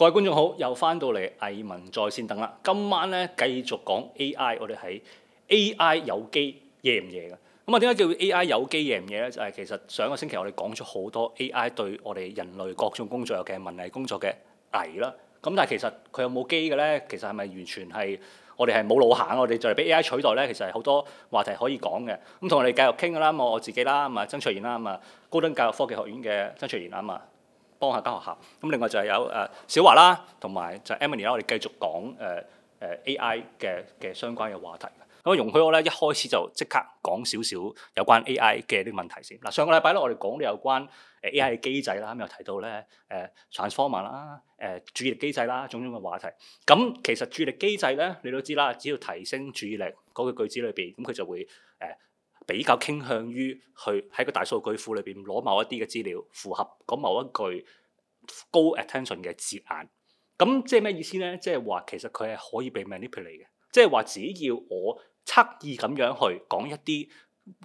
各位觀眾好，又翻到嚟藝文在線等啦。今晚咧繼續講 AI，我哋喺 AI 有機夜唔夜嘅？咁啊，點解叫 AI 有機夜唔夜咧？就係、是、其實上個星期我哋講咗好多 AI 對我哋人類各種工作，尤其係文藝工作嘅危啦。咁但係其實佢有冇機嘅咧？其實係咪完全係我哋係冇路行，我哋就係俾 AI 取代咧？其實係好多話題可以講嘅。咁同我哋繼續傾㗎啦，咁我自己啦，咁啊，曾卓然啦，咁啊，高等教育科技學院嘅曾卓然啦，嘛。幫下間學校，咁另外就係有誒小樺啦，同埋就 Emily 啦，我哋繼續講誒誒、呃呃、AI 嘅嘅相關嘅話題。咁容許我咧一開始就即刻講少少有關 AI 嘅呢個問題先。嗱，上個禮拜咧我哋講到有關 AI 嘅機制啦，咁又提到咧誒、呃、Transformer 啦、誒、呃、注意力機制啦，種種嘅話題。咁其實注意力機制咧，你都知啦，只要提升注意力嗰句句子裏邊，咁佢就會誒，呃比較傾向於去喺個大數據庫裏邊攞某一啲嘅資料，符合講某一句高 attention 嘅字眼。咁即係咩意思咧？即係話其實佢係可以被 manipulate 嘅。即係話只要我刻意咁樣去講一啲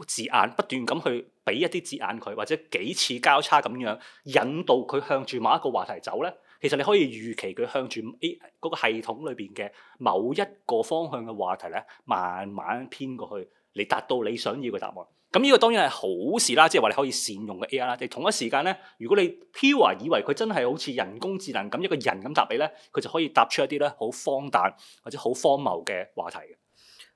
字眼，不斷咁去俾一啲字眼佢，或者幾次交叉咁樣引導佢向住某一個話題走咧。其實你可以預期佢向住 A 嗰個系統裏邊嘅某一個方向嘅話題咧，慢慢偏過去，嚟達到你想要嘅答案。咁、嗯、呢、呢個當然係好事啦，即係話你可以善用嘅 A.I. 啦。但同一時間咧，如果你 pure 以為佢真係好似人工智能咁一個人咁答你咧，佢就可以答出一啲咧好荒誕或者好荒謬嘅話題。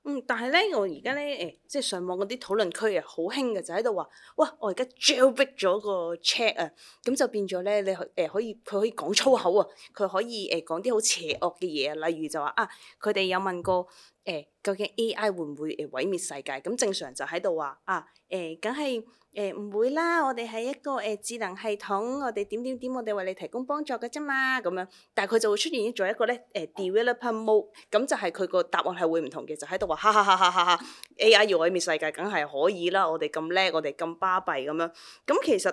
嗯、但係咧，我而家咧誒，即係上網嗰啲討論區啊，好興嘅，就喺度話，哇！我而家 jailbreak 咗個 chat 啊，咁就變咗咧，你誒可以佢、呃、可以講粗口啊，佢可以誒講啲好邪惡嘅嘢啊，例如就話啊，佢哋有問過誒、呃、究竟 AI 會唔會誒毀滅世界？咁正常就喺度話啊誒，梗、呃、係。誒唔、欸、會啦，我哋係一個誒、呃、智能系統，我哋點點點，我哋為你提供幫助嘅啫嘛，咁樣，但係佢就會出現咗一個咧誒、呃、developer mode，咁就係佢個答案係會唔同嘅，就喺度話哈哈哈哈哈哈 ，AI 毀滅世界梗係可以啦，我哋咁叻，我哋咁巴閉咁樣，咁其實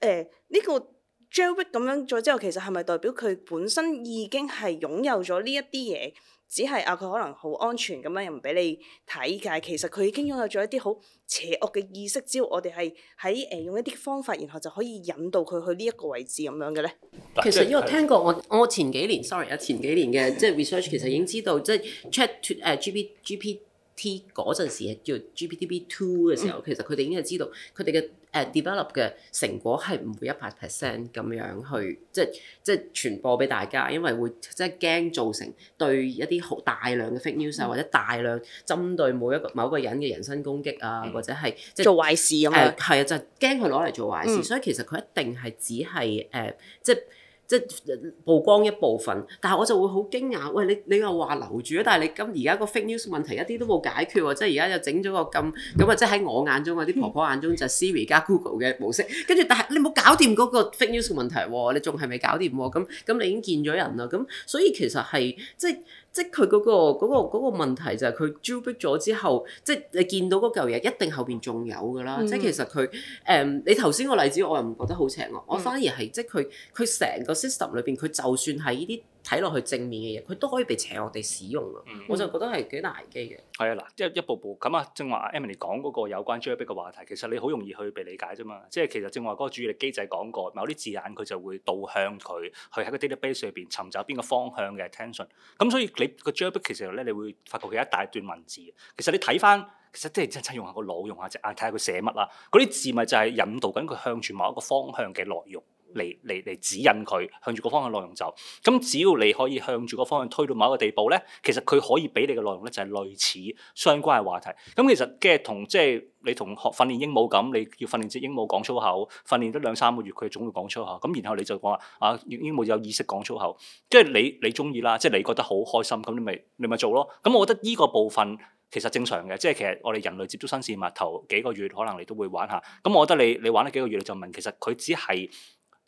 誒呢個 job 咁樣咗之後，其實係咪代表佢本身已經係擁有咗呢一啲嘢？只係啊，佢可能好安全咁樣，又唔俾你睇㗎。其實佢已經擁有咗一啲好邪惡嘅意識。之後我哋係喺誒用一啲方法，然後就可以引導佢去呢一個位置咁樣嘅咧。其實因為聽過我我前幾年，sorry 啊，前幾年嘅即係 research，其實已經知道即係、就是、Chat 誒、uh, G P G P T 嗰陣時係叫做 G P T B two 嘅時候，嗯、其實佢哋已經係知道佢哋嘅。誒、uh, develop 嘅成果係唔會一百 percent 咁樣去，即係即係傳播俾大家，因為會即係驚造成對一啲好大量嘅 fake news、嗯、或者大量針對某一個某個人嘅人身攻擊啊，或者係即係做壞事咁樣。係啊，就係驚佢攞嚟做壞事，嗯、所以其實佢一定係只係誒，即、uh, 係、即係。即曝光一部分，但係我就會好驚訝。喂，你你又話留住，但係你咁而家個 fake news 問題一啲都冇解決喎，即係而家又整咗個咁咁啊！即喺我眼中啊，啲 婆婆眼中就 Siri 加 Google 嘅模式，跟住但係你冇搞掂嗰個 fake news 問題喎，你仲係咪搞掂喎？咁咁你已經見咗人啦，咁所以其實係即。即係佢嗰個嗰個嗰個問題就係佢招逼咗之後，即係你見到嗰嚿嘢一定後邊仲有㗎啦。嗯、即係其實佢誒、嗯，你頭先個例子我又唔覺得好邪惡，我、嗯、反而係即係佢佢成個 system 裏邊，佢就算係呢啲。睇落去正面嘅嘢，佢都可以被邪惡咁使用啊！嗯、我就覺得係幾大危機嘅。係啊，嗱，即係一步步咁啊。正話 Emily 講嗰個有關 jailbreak 嘅話題，其實你好容易去被理解啫嘛。即係其實正話嗰個注意力機制講過，某啲字眼佢就會導向佢，去喺個 database 入邊尋找邊個方向嘅 attention。咁所以你個 jailbreak 其實咧，你會發覺佢一大段文字。其實你睇翻，其實真係真真用下個腦，用下隻眼睇下佢寫乜啦。嗰啲字咪就係引導緊佢向住某一個方向嘅內容。嚟嚟嚟指引佢向住個方向內容走，咁只要你可以向住個方向推到某一個地步咧，其實佢可以俾你嘅內容咧就係類似相關嘅話題。咁其實即係同即係你同學訓練鸚鵡咁，你要訓練隻鸚鵡講粗口，訓練咗兩三個月佢總會講粗口。咁然後你就講話啊鸚鵡有意識講粗口，即係你你中意啦，即係你覺得好開心，咁你咪你咪做咯。咁我覺得呢個部分其實正常嘅，即係其實我哋人類接觸新事物頭幾個月可能你都會玩下。咁我覺得你你玩咗幾個月你就問，其實佢只係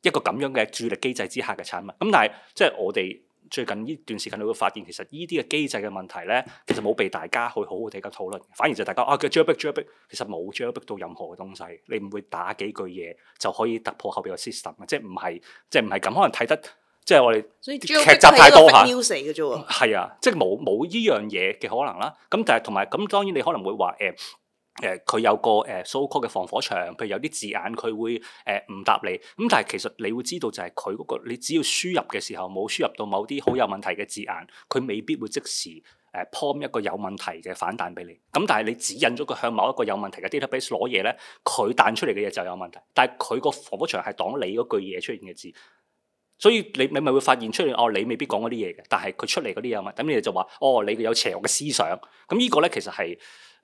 一個咁樣嘅助力機制之下嘅產物。咁但係即係我哋最近呢段時間，你會發現其實呢啲嘅機制嘅問題咧，其實冇被大家去好好地嘅討論，反而就大家啊叫 jailbreak jailbreak 其實冇 jailbreak 到任何嘅東西，你唔會打幾句嘢就可以突破後邊嘅 system，即係唔係即係唔係咁，可能睇得即係我哋劇集太多嚇，係、嗯、啊，即係冇冇呢樣嘢嘅可能啦。咁但係同埋咁當然你可能會話誒。呃誒佢有個誒 so-called 嘅防火牆，譬如有啲字眼佢會誒唔答你。咁但係其實你會知道就係佢嗰個，你只要輸入嘅時候冇輸入到某啲好有問題嘅字眼，佢未必會即時誒 p o r 一個有問題嘅反彈俾你。咁但係你指引咗佢向某一個有問題嘅 database 攞嘢咧，佢彈出嚟嘅嘢就有問題。但係佢個防火牆係擋你嗰句嘢出現嘅字，所以你你咪會發現出嚟哦，你未必講嗰啲嘢嘅，但係佢出嚟嗰啲有問題啊嘛，咁你哋就話哦，你有邪惡嘅思想。咁呢個咧其實係。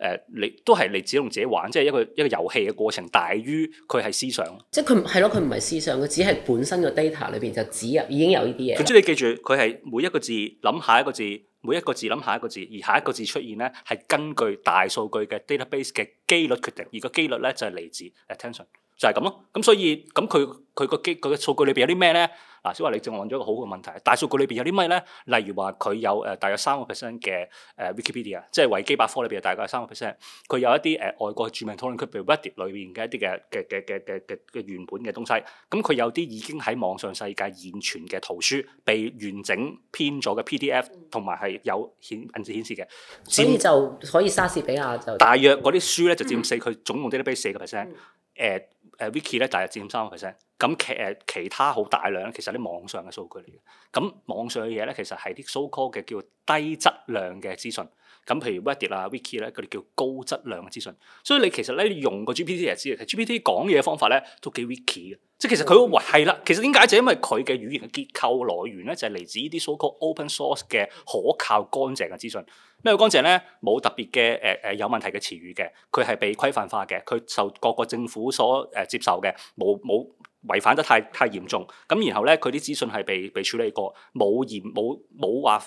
誒，你都係嚟只用自己玩，即係一個一個遊戲嘅過程，大於佢係思想。即係佢係咯，佢唔係思想，佢只係本身個 data 裏邊就只有已經有呢啲嘢。總之你記住，佢係每一個字諗下一個字，每一個字諗下一個字，而下一個字出現咧係根據大數據嘅 database 嘅機率決定，而個機率咧就係嚟自 attention，就係咁咯。咁所以咁佢佢個機佢嘅數據裏邊有啲咩咧？啊！嗱，小樺你正問咗一個好嘅問題，大數據裏邊有啲咩咧？例如話佢有誒大約三個 percent 嘅誒 Wikipedia，即係維基百科裏邊，裡面大約三個 percent。佢有一啲誒外國著名討論區，譬如 Reddit 裏邊嘅一啲嘅嘅嘅嘅嘅嘅嘅原本嘅東西。咁佢有啲已經喺網上世界現存嘅圖書，被完整編咗嘅 PDF，同埋係有顯文字顯示嘅。所以就可以莎士比亞就大約嗰啲書咧，就佔四、嗯，佢總共滴滴俾四個 percent。誒、嗯。嗯誒 Wiki 咧，大約佔三個 percent，咁其誒其他好大量咧，其實啲網上嘅數據嚟嘅，咁網上嘅嘢咧，其實係啲 so called 嘅叫低質量嘅資訊。咁譬如 Reddit 啊、Wiki 咧，佢哋叫高質量嘅資訊。所以你其實咧用個 GPT 嘅資料，GPT 講嘢嘅方法咧都幾 Wiki 嘅。即係其實佢個係啦。其實點解就是、因為佢嘅語言嘅結構來源咧，就係、是、嚟自呢啲所謂 open source 嘅可靠乾淨、乾淨嘅資訊。咩叫乾淨咧？冇特別嘅誒誒有問題嘅詞語嘅。佢係被規範化嘅，佢受各個政府所誒接受嘅，冇冇違反得太太嚴重。咁然後咧，佢啲資訊係被被處理過，冇嫌冇冇話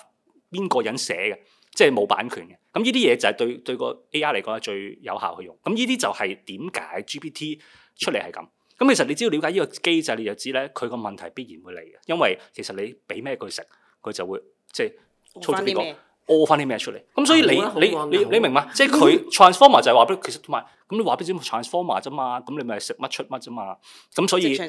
邊個人寫嘅。即係冇版權嘅，咁呢啲嘢就係對對個 AI 嚟講係最有效去用，咁呢啲就係點解 GPT 出嚟係咁，咁其實你只要了解呢個機制，你就知咧佢個問題必然會嚟嘅，因為其實你俾咩佢食，佢就會即係、就是、操作呢、這個。屙翻啲咩出嚟？咁、嗯、所以你、啊、你、啊、你你，你明嘛？嗯、即係佢 Transformer 就係話俾， 其實同埋咁你話俾知 Transformer 啫嘛，咁 你咪食乜出乜啫嘛。咁所以食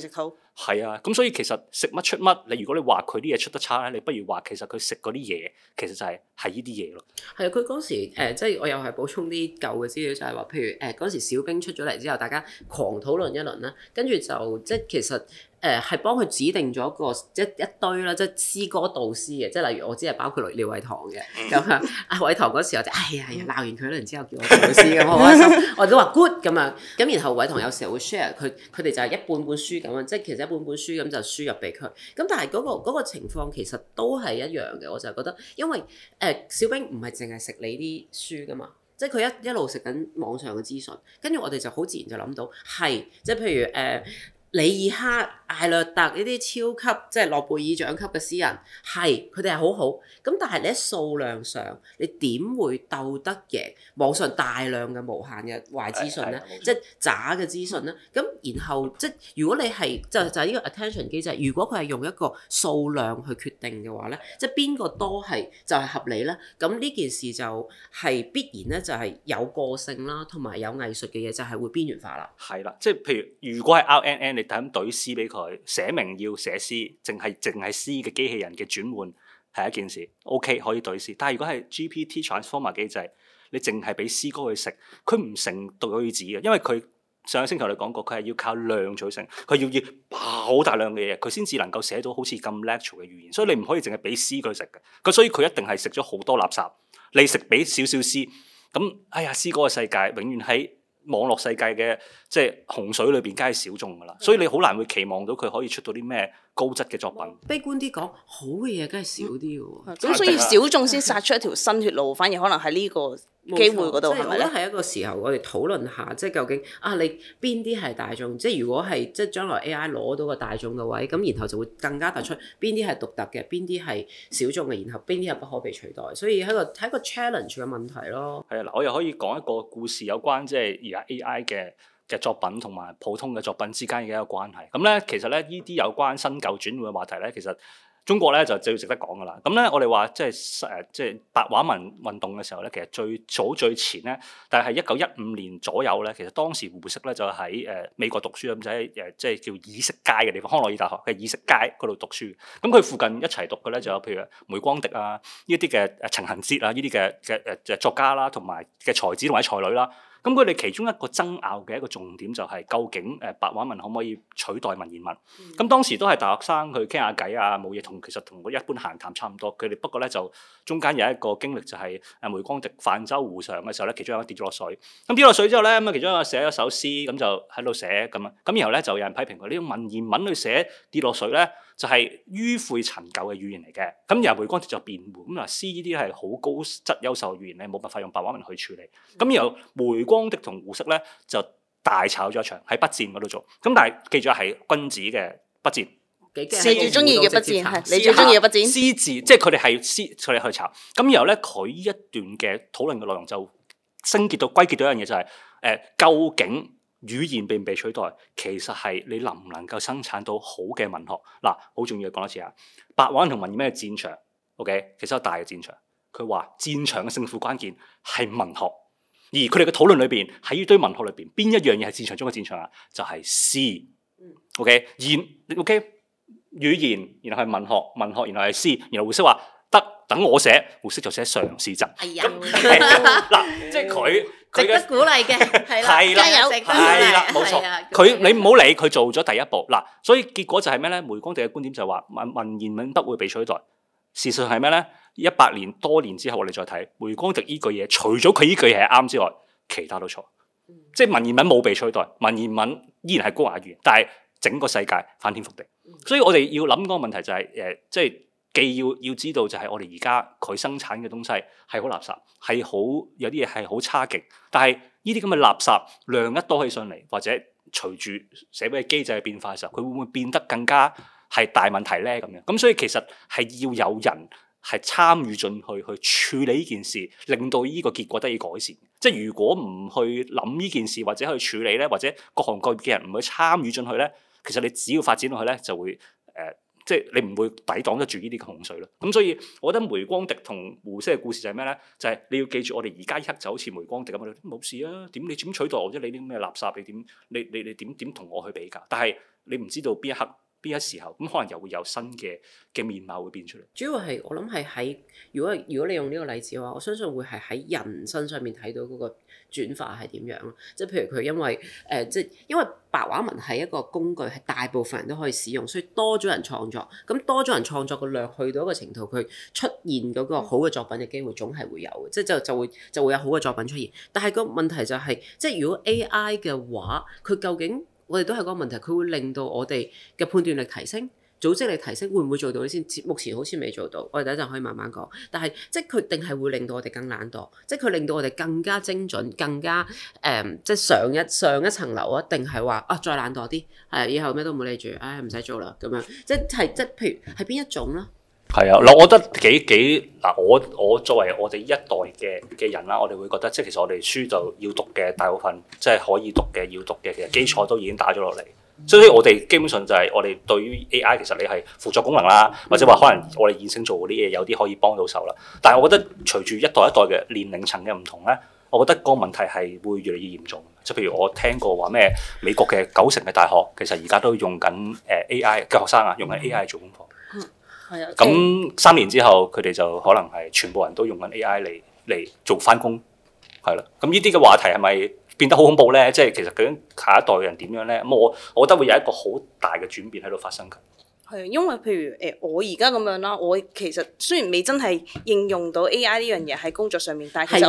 係啊，咁所以其實食乜出乜，你如果你話佢啲嘢出得差咧，你不如話其實佢食嗰啲嘢，其實就係係呢啲嘢咯。係啊，佢嗰時、呃、即係我又係補充啲舊嘅資料，就係、是、話，譬如誒嗰、呃、時小冰出咗嚟之後，大家狂討論一輪啦，跟住就即係其實。誒係、呃、幫佢指定咗一個即一堆啦，即係詩歌導師嘅，即係例如我知係包括廖偉、嗯 嗯啊、棠嘅咁樣。阿偉棠嗰時我就係啊，鬧、哎、完佢啦，然之後叫我導師咁好開心， 我都話 good 咁樣。咁然後偉棠有時候會 share 佢佢哋就係一本本書咁啊，即係其實一本本書咁就輸入俾佢。咁但係、那、嗰、個那個情況其實都係一樣嘅，我就覺得因為誒、呃、小兵唔係淨係食你啲書噶嘛，即係佢一一路食緊網上嘅資訊，跟住我哋就好自然就諗到係即係譬如誒里爾克。呃艾略特呢啲超級即係諾貝爾獎級嘅詩人，係佢哋係好好。咁但係你喺數量上，你點會鬥得贏網上大量嘅無限嘅壞資訊咧？即係渣嘅資訊咧。咁然後即係如果你係就就係呢個 attention 機制，如果佢係用一個數量去決定嘅話咧，即係邊個多係就係、是、合理咧？咁呢件事就係必然咧，就係有個性啦，同埋有藝術嘅嘢就係會邊緣化啦。係啦，即係譬如如果係 RNN，你等咁堆詩俾佢。佢寫明要寫詩，淨係淨係詩嘅機器人嘅轉換係一件事，OK 可以對詩。但係如果係 GPT Transformer 機制，你淨係俾詩歌去食，佢唔成對子嘅，因為佢上個星期你講過，佢係要靠量取成，佢要要好大量嘅嘢，佢先至能夠寫到好似咁 natural 嘅語言。所以你唔可以淨係俾詩佢食嘅，咁所以佢一定係食咗好多垃圾。你食俾少少詩，咁哎呀，詩歌嘅世界永遠喺網絡世界嘅即係洪水裏邊，梗係小眾㗎喇，所以你好難會期望到佢可以出到啲咩高質嘅作品，悲觀啲講，好嘅嘢梗係少啲喎。咁、嗯、所以小眾先殺出一條新血路， 反而可能喺呢個機會度係咪？即係我覺得係一個時候，我哋討論下，即係究竟啊，你邊啲係大眾？即係如果係即係將來 AI 攞到個大眾嘅位，咁然後就會更加突出邊啲係獨特嘅，邊啲係小眾嘅，然後邊啲係不可被取代。所以係個係個 challenge 嘅問題咯。係啊，嗱，我又可以講一個故事有關即係而家 AI 嘅。嘅作品同埋普通嘅作品之間嘅一個關係，咁、嗯、咧其實咧呢啲有關新舊轉換嘅話題咧，其實中國咧就最值得講㗎喇。咁、嗯、咧我哋話即係誒即係白話文運動嘅時候咧，其實最早最前咧，但係一九一五年左右咧，其實當時胡適咧就喺誒美國讀書啊，咁、呃、就喺誒即係叫綺色佳嘅地方康奈爾大學嘅綺色佳嗰度讀書。咁、嗯、佢附近一齊讀嘅咧就有譬如梅光迪啊，呢啲嘅誒陳衡哲啊，呢啲嘅嘅誒作家啦、啊，同埋嘅才子同埋才女啦、啊。咁佢哋其中一個爭拗嘅一個重點就係究竟誒白話文可唔可以取代文言文？咁、嗯、當時都係大學生去傾下偈啊，冇嘢同其實同我一般閒談差唔多。佢哋不過咧就中間有一個經歷就係誒梅光迪泛舟湖上嘅時候咧，其中有一個跌咗落水。咁跌落水之後咧，咁啊其中一個寫咗首詩，咁就喺度寫咁啊。咁然後咧就有人批評佢你用文言文去寫跌落水咧，就係迂腐陳舊嘅語言嚟嘅，咁然後梅光迪就辯護，咁啊詩呢啲係好高質優秀嘅語言咧，冇辦法用白話文去處理。咁、嗯、然後梅光迪同胡適咧就大炒咗一場喺筆戰嗰度做。咁但係記住係君子嘅筆戰，你最中意嘅筆戰係下你最中意嘅筆戰，詩字即係佢哋係詩佢哋去炒。咁然後咧佢呢一段嘅討論嘅內容就升結到歸結到一樣嘢就係、是、誒究竟。語言被唔被取代，其實係你能唔能夠生產到好嘅文學。嗱，好重要，講多次啊！白話同文言咩係戰場，OK，其實係大嘅戰場。佢話戰場嘅勝負關鍵係文學，而佢哋嘅討論裏邊喺呢堆文學裏邊，邊一樣嘢係戰場中嘅戰場啊？就係詩，OK，言，OK，語言，然後係文學，文學然後係詩，然後, C, 然後胡適話得，等我寫，胡適就寫嘗試集。啊、哎呀，嗱、嗯， 即係佢。值得鼓勵嘅，係啦 的，加油， 的值得鼓勵嘅，係啦，冇錯。佢你唔好理佢做咗第一步嗱，所以結果就係咩咧？梅光迪嘅觀點就係話文文言文不會被取代。事實係咩咧？一百年多年之後我，我哋再睇梅光迪依句嘢，除咗佢依句嘢係啱之外，其他都錯。嗯、即係文言文冇被取代，文言文依然係高雅語言，但係整個世界翻天覆地。所以我哋要諗嗰個問題就係，誒，即係。即既要要知道，就係我哋而家佢生產嘅東西係好垃圾，係好有啲嘢係好差勁。但係呢啲咁嘅垃圾量一多起上嚟，或者隨住社會嘅機制嘅變化嘅時候，佢會唔會變得更加係大問題咧？咁樣咁所以其實，係要有人係參與進去去處理呢件事，令到呢個結果得以改善。即係如果唔去諗呢件事，或者去處理咧，或者各行各業嘅人唔去參與進去咧，其實你只要發展落去咧，就會誒。呃即係你唔會抵擋得住呢啲嘅洪水咯。咁所以，我覺得梅光迪同胡適嘅故事就係咩咧？就係你要記住，我哋而家一刻就好似梅光迪咁樣，冇事啊。點你點取代我啫？你啲咩垃圾？你點你你你點點同我去比㗎？但係你唔知道邊一刻。呢一時候咁，可能又會有新嘅嘅面貌會變出嚟。主要係我諗係喺，如果如果你用呢個例子嘅話，我相信會係喺人身上面睇到嗰個轉化係點樣咯。即係譬如佢因為誒、呃，即係因為白話文係一個工具，係大部分人都可以使用，所以多咗人創作。咁多咗人創作嘅量去到一個程度，佢出現嗰個好嘅作品嘅機會總係會有嘅。即係就就會就會有好嘅作品出現。但係個問題就係、是，即係如果 AI 嘅話，佢究竟？我哋都係嗰個問題，佢會令到我哋嘅判斷力提升，組織力提升，會唔會做到你先？目前好似未做到，我哋等陣可以慢慢講。但係即係佢定係會令到我哋更懶惰，即係佢令到我哋更加精準，更加誒、呃，即係上一上一層樓啊？定係話啊，再懶惰啲，係、啊、以後咩都唔理住，唉唔使做啦咁樣，即係即係譬如係邊一種咧？係啊，嗱，我覺得幾幾嗱，我我作為我哋一代嘅嘅人啦，我哋會覺得即係其實我哋書就要讀嘅，大部分即係可以讀嘅要讀嘅，嘅基礎都已經打咗落嚟。所以，我哋基本上就係、是、我哋對於 A I 其實你係輔助功能啦，或者話可能我哋現時做嗰啲嘢有啲可以幫到手啦。但係我覺得隨住一代一代嘅年齡層嘅唔同咧，我覺得個問題係會越嚟越嚴重。即係譬如我聽過話咩，美國嘅九成嘅大學其實而家都用緊誒 A I 嘅學生啊，用緊 A I 做功課。咁、嗯、三年之後佢哋就可能係全部人都用緊 AI 嚟嚟做翻工，係啦。咁呢啲嘅話題係咪變得好恐怖咧？即係其實究竟下一代嘅人點樣咧？咁、嗯、我我覺得會有一個好大嘅轉變喺度發生㗎。係，因為譬如誒，我而家咁樣啦，我其實雖然未真係應用到 AI 呢樣嘢喺工作上面，但係就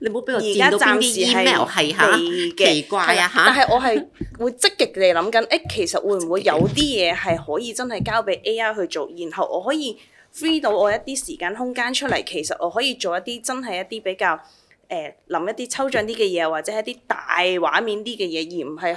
你唔好俾我而家邊啲 email 係下奇怪啊。但係我係會積極地諗緊，誒、欸、其實會唔會有啲嘢係可以真係交俾 AI 去做，然後我可以 free 到我一啲時間空間出嚟，其實我可以做一啲真係一啲比較。誒，諗一啲抽象啲嘅嘢，或者係一啲大畫面啲嘅嘢，而唔係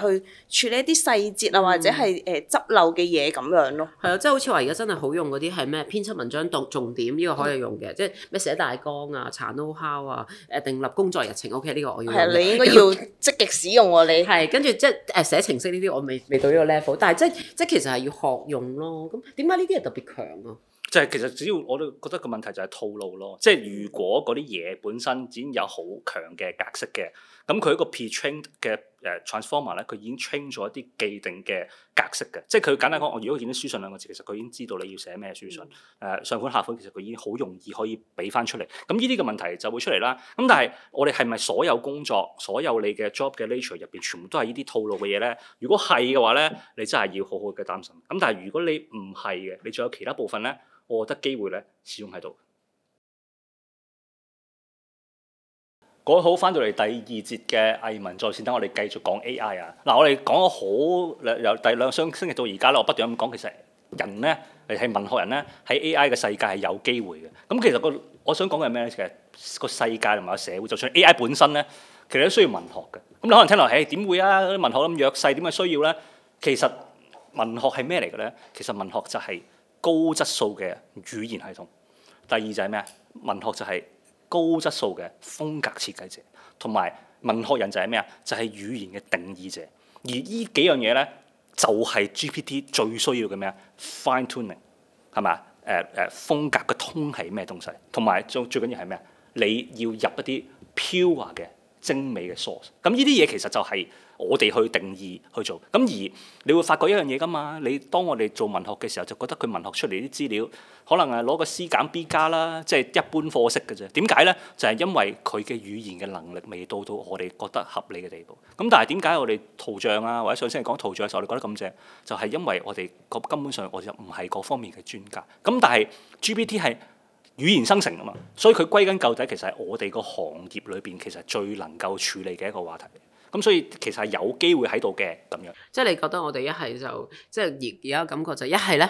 去處理一啲細節啊，嗯、或者係誒執漏嘅嘢咁樣咯。係啊、嗯，即係好似話而家真係好用嗰啲係咩編輯文章讀重點，呢個可以用嘅。嗯、即係咩寫大綱啊、查 know how 啊、誒定立工作日程，OK，呢個我要係你應該要積極使用喎、啊。你係跟住即係誒寫程式呢啲，我未未到呢個 level，但係即係即係其實係要學用咯。咁點解呢啲特別強啊？即係其實只要我都覺得個問題就係套路咯，即係如果嗰啲嘢本身已經有好強嘅格式嘅，咁佢一個 pre-trained 嘅誒 transformer 咧，佢、er、已經 train 咗一啲既定嘅格式嘅，即係佢簡單講，我如果見到書信兩個字，其實佢已經知道你要寫咩書信，誒上款下款，其實佢已經好容易可以俾翻出嚟。咁呢啲嘅問題就會出嚟啦。咁但係我哋係咪所有工作、所有你嘅 job 嘅 nature 入邊全部都係呢啲套路嘅嘢咧？如果係嘅話咧，你真係要好好嘅擔心。咁但係如果你唔係嘅，你仲有其他部分咧？我覺得機會咧，始終喺度。講好，翻到嚟第二節嘅藝文在線，先等我哋繼續講 AI 啊！嗱，我哋講咗好兩由第兩個星期到而家咧，我不斷咁講，其實人咧，係文學人咧，喺 AI 嘅世界係有機會嘅。咁其實個我想講嘅係咩咧？其實個世界同埋個社會，就算 AI 本身咧，其實都需要文學嘅。咁你可能聽落係點會啊？啲文學咁弱勢點解需要咧？其實文學係咩嚟嘅咧？其實文學就係……高質素嘅語言系統，第二就係咩啊？文學就係高質素嘅風格設計者，同埋文學人就係咩啊？就係、是、語言嘅定義者。而呢幾樣嘢咧，就係、是、GPT 最需要嘅咩啊？Fine tuning 係嘛？誒誒、呃、風格嘅通係咩東西？同埋最最緊要係咩啊？你要入一啲 pure 嘅精美嘅 source。咁呢啲嘢其實就係、是。我哋去定義去做，咁而你會發覺一樣嘢噶嘛？你當我哋做文學嘅時候，就覺得佢文學出嚟啲資料，可能係攞個 C 減 B 加啦，即係一般課式嘅啫。點解呢？就係、是、因為佢嘅語言嘅能力未到到我哋覺得合理嘅地步。咁但係點解我哋圖像啊，或者上次講圖像嘅時候，我哋覺得咁正，就係、是、因為我哋嗰根本上我哋唔係各方面嘅專家。咁但係 GPT 係語言生成啊嘛，所以佢歸根究底其實係我哋個行業裏邊其實最能夠處理嘅一個話題。咁所以其實係有機會喺度嘅咁樣，即係你覺得我哋一係就即係而家感覺就一係咧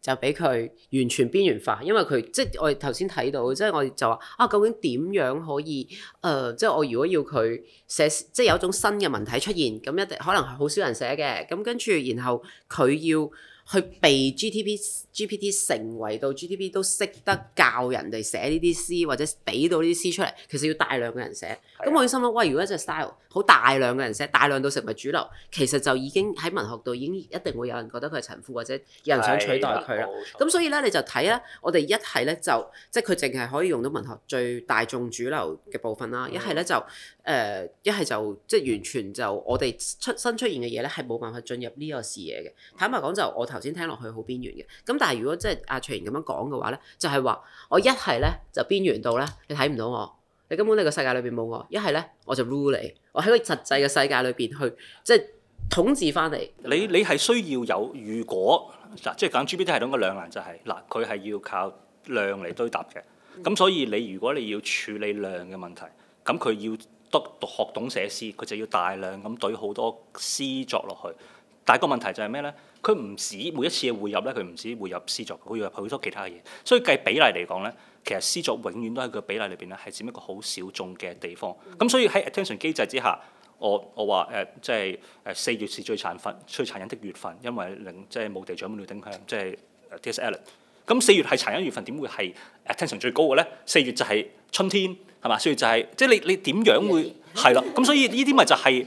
就俾佢完全邊緣化，因為佢即係我哋頭先睇到，即係我哋就話啊，究竟點樣可以誒、呃，即係我如果要佢寫，即係有一種新嘅問題出現，咁一定可能係好少人寫嘅，咁跟住然後佢要去避 GPT。GPT 成為到 GPT 都識得教人哋寫呢啲詩，或者俾到呢啲詩出嚟，其實要大量嘅人寫。咁的我先心諗，喂，如果一隻 style 好大量嘅人寫，大量到成為主流，其實就已經喺文學度已經一定會有人覺得佢係陳腐，或者有人想取代佢啦。咁所以咧，你就睇啊，我哋一係咧就即係佢淨係可以用到文學最大眾主流嘅部分啦；一係咧就誒，一、呃、係就即係完全就我哋出新出現嘅嘢咧，係冇辦法進入呢個視野嘅。嗯、坦白講，就我頭先聽落去好邊緣嘅。咁但係如果即係阿卓然咁樣講嘅話咧，就係、是、話我一係咧就邊緣度咧，你睇唔到我，你根本呢個世界裏邊冇我。一係咧我就 rule 你，我喺個實際嘅世界裏邊去即係統治翻嚟。你是是你係需要有如果嗱，即係講 GPT 系統嘅兩難就係、是、嗱，佢係要靠量嚟堆答嘅。咁所以你如果你要處理量嘅問題，咁佢要得讀學懂寫詩，佢就要大量咁堆好多詩作落去。但係個問題就係咩咧？佢唔止每一次嘅匯入咧，佢唔止匯入詩作，佢會入好多其他嘅嘢，所以計比例嚟講咧，其實詩作永遠都喺個比例裏邊咧，係佔一個好小眾嘅地方。咁、嗯、所以喺 attention 機制之下，我我話誒，即係誒四月是最殘忍、最殘忍的月份，因為令即係冇地長苗頂向，即係 T.S. Eliot 咁四月係殘忍月份，點會係 attention 最高嘅咧？四月就係春天，係嘛？所以就係、是、即係你你點樣會係啦？咁所以呢啲咪就係。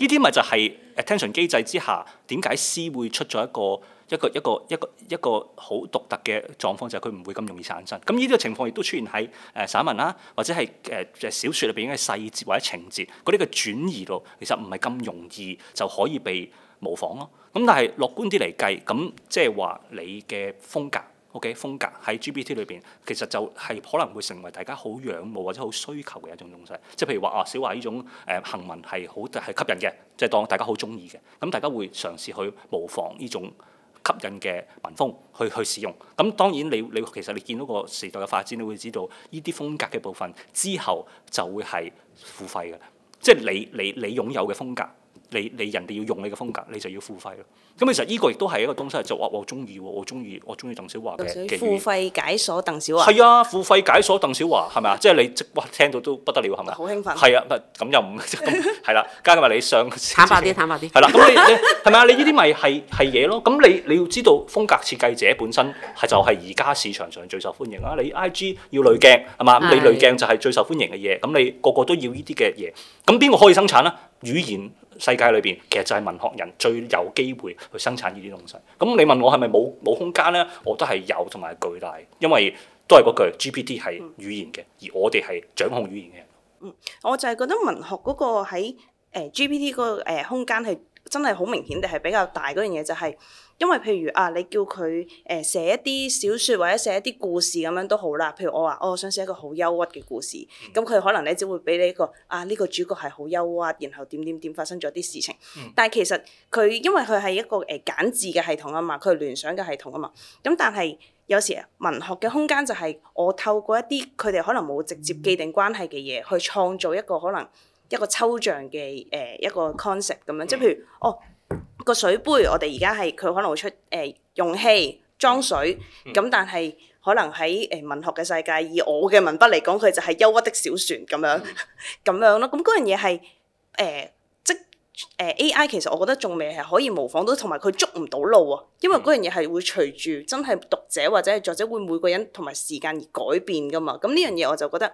呢啲咪就係 attention 機制之下，點解詩會出咗一個一個一個一個一個好獨特嘅狀況，就係佢唔會咁容易產生。咁呢啲嘅情況亦都出現喺誒散文啦、啊，或者係誒誒小説裏邊嘅細節或者情節嗰啲嘅轉移度，其實唔係咁容易就可以被模仿咯。咁但係樂觀啲嚟計，咁即係話你嘅風格。O、okay, K 風格喺 GPT 裏邊，其實就係可能會成為大家好仰慕或者好需求嘅一種東西。即係譬如話啊，小樺呢種誒、呃、行文係好係吸引嘅，即、就、係、是、當大家好鍾意嘅。咁、嗯、大家會嘗試去模仿呢種吸引嘅文風去去使用。咁、嗯、當然你你其實你見到個時代嘅發展，你會知道呢啲風格嘅部分之後就會係付費嘅，即係你你你擁有嘅風格。你你人哋要用你嘅風格，你就要付費咯。咁其實呢個亦都係一個東西，就話我中意，我中意，我中意鄧小樺嘅付費解鎖鄧小樺。係啊，付費解鎖鄧小樺係咪啊？即係你即哇聽到都不得了，係咪好興奮。係啊，咁又唔咁係啦。加埋、啊、 你想坦白啲，坦白啲。係啦，咁你係咪啊？你呢啲咪係係嘢咯？咁你你要知道風格設計者本身係就係而家市場上最受歡迎啊！你 I G 要濾鏡係嘛？你濾鏡就係最受歡迎嘅嘢。咁你個個都要呢啲嘅嘢。咁邊個可以生產咧？語言世界裏邊，其實就係文學人最有機會去生產呢啲東西。咁你問我係咪冇冇空間呢？我覺得係有同埋巨大，因為都係嗰句 GPT 係語言嘅，而我哋係掌控語言嘅人。我就係覺得文學嗰個喺誒 GPT 個誒空間係真係好明顯地係比較大嗰樣嘢就係、是。因為譬如啊，你叫佢誒寫一啲小説或者寫一啲故事咁樣都好啦。譬如我話，我、哦、想寫一個好憂鬱嘅故事，咁佢、嗯、可能咧只會俾你一個啊，呢、呢個主角係好憂鬱，然後點點點發生咗啲事情。嗯、但係其實佢因為佢係一個誒簡字嘅系統啊嘛，佢係聯想嘅系統啊嘛。咁但係有時文學嘅空間就係我透過一啲佢哋可能冇直接既定關係嘅嘢，去創造一個可能一個抽象嘅誒一個 concept 咁樣，即係、嗯嗯、譬如哦。個水杯，我哋而家係佢可能會出誒容、呃、器裝水，咁但係可能喺誒文學嘅世界，以我嘅文筆嚟講，佢就係憂鬱的小船咁樣咁樣咯。咁嗰樣嘢係誒即誒、呃、AI，其實我覺得仲未係可以模仿到，同埋佢捉唔到路啊，因為嗰樣嘢係會隨住真係讀者或者係作者會每個人同埋時間而改變噶嘛。咁呢樣嘢我就覺得。